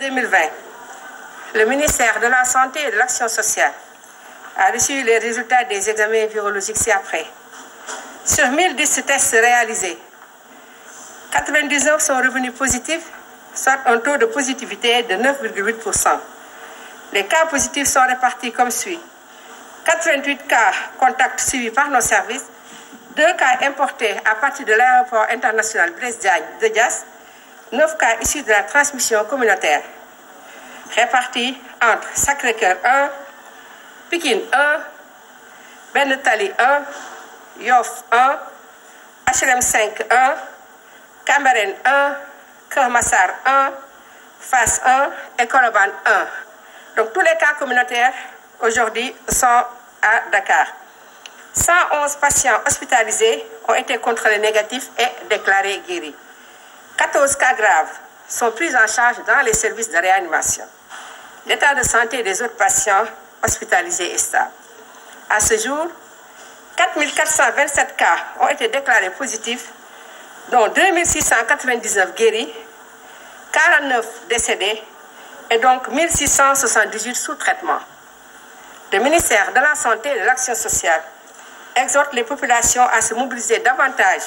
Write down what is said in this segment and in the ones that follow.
2020, le ministère de la Santé et de l'Action sociale a les résultats des examens virologiques ci-après. Sur 1010 tests réalisés, 99 sont revenus positifs, soit un taux de positivité de 9,8%. Les cas positifs sont répartis comme suit. 88 cas contacts suivis par nos services, 2 cas à partir de l'aéroport international Blaise Diagne de 9 cas issus de la transmission communautaire, répartis entre Sacré-Cœur 1, Pikine 1, Benetali 1, Yoff 1, HLM 5 1, Cambérène 1, et Colobane tous les cas communautaires aujourd'hui sont à Dakar. patients hospitalisés ont été contrôlés négatifs et déclarés guéris. 14 cas graves sont en charge dans les services de réanimation. L'état de santé des autres patients hospitalisés est stable. À ce jour, 4427 cas ont été déclarés positifs, dont 2699 guéris, 49 décédés et donc 1678 sous traitement. Le ministère de la Santé et de l'Action sociale exhorte les populations à se mobiliser davantage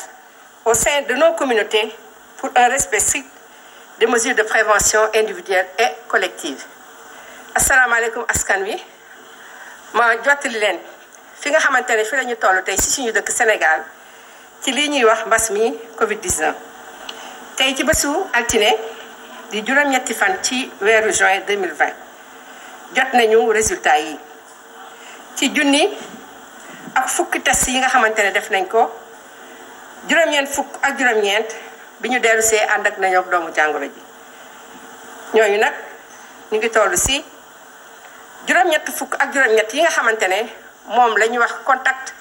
au sein de nos communautés pour un respect strict des mesures de prévention individuelle et collective asalaamaaleykum askan wi ma jottali leen fi nga xamante ne fi la toll tey si suñu dëkk Sénégal ci lii ñuy wax mbas mi Covid 19. tey ci bésu altine di juróom-ñetti fan ci weeru juin 2020 jot nañu résultat yi ci junni ak fukki test yi nga xamante ne def nañ ko juróom-ñeent fukk ak juróom-ñeent. bi ñu dellu see ànd ak nañoo doomu jàngoro ji ñooñu nag ñu ngi toll si juróom-ñett fukk ak juróom yi nga xamante ne moom la ñuy wax contact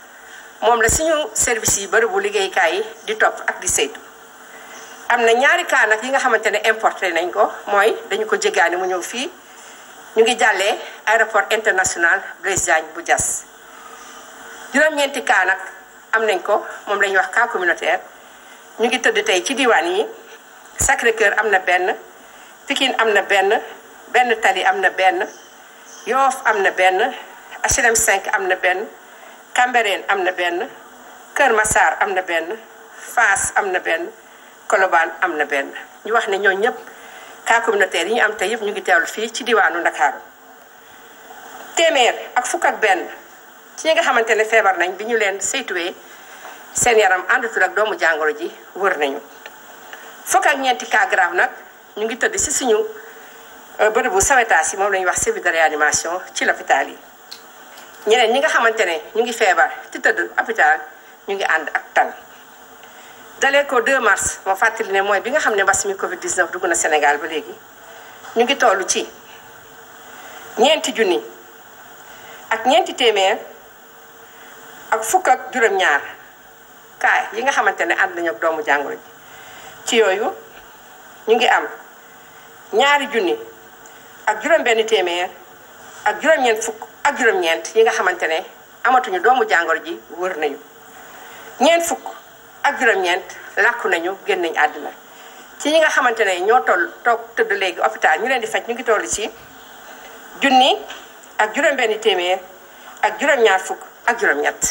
moom la suñu service yi bërëbu liggéeykaay yi di topp ak di saytu am na ñaari cas yi nga xamante ne importé nañ ko mooy dañu ko jéggaani mu ñëw fii ñu ngi jàllee aéroport international Blaise bu Diass juróom-ñeenti cas am nañ ko moom la ñuy wax cas communautaire ñu ngi tëdd tey ci diwaan yi Sacré-Cœur am na benn Pikine am na benn benn Tali am na benn Yoff am na benn HLM cinq am na benn Cambérène am na benn Kër Massar am na benn Fass am na benn Colobane am na benn ñu wax ne ñoo ñëpp cas communautaire yi ñu am tey yëpp ñu ngi teewlu fii ci diwaanu Ndakaaru téeméer ak fukk ak benn ci ñi nga xamante ne feebar nañ bi ñu leen seytuwee seen yaram àndatul ak doomu jàngoro ji wër nañu fukk ak ñeenti cas nag ñu ngi tëdd si suñu euh, bërëbu sawetaas yi moom la wax service de réanimation ci l'hôpital yi ñeneen ñi nga xamante ne ñu ngi feebar ci tëdd hôpital ñu ngi ànd ak tan dalee ko 2 mars moo fàttali ne mooy bi nga xam ne mbas mi Covid 19 dugg na Sénégal ba léegi ñu ngi toll ci ñeenti junni ak ñeenti téeméer ak fukk ak juróom-ñaar. jumtukaay yi nga xamante ne ànd nañu ak doomu jàngoro ji ci yooyu ñu ngi am ñaari junni ak juróom-benn téeméer ak juróom-ñeent fukk ak juróom-ñeent nga xamante ne amatuñu doomu jàngoro ji wër nañu ñeent fukk ak juróom làkku nañu génn nañu àddina ci ñi nga xamante ne ñoo toll toog tëdd léegi hôpital ñu leen di faj ñu ngi toll ci junni ak juróom-benn téeméer ak juróom-ñaar fukk ak juróom-ñett.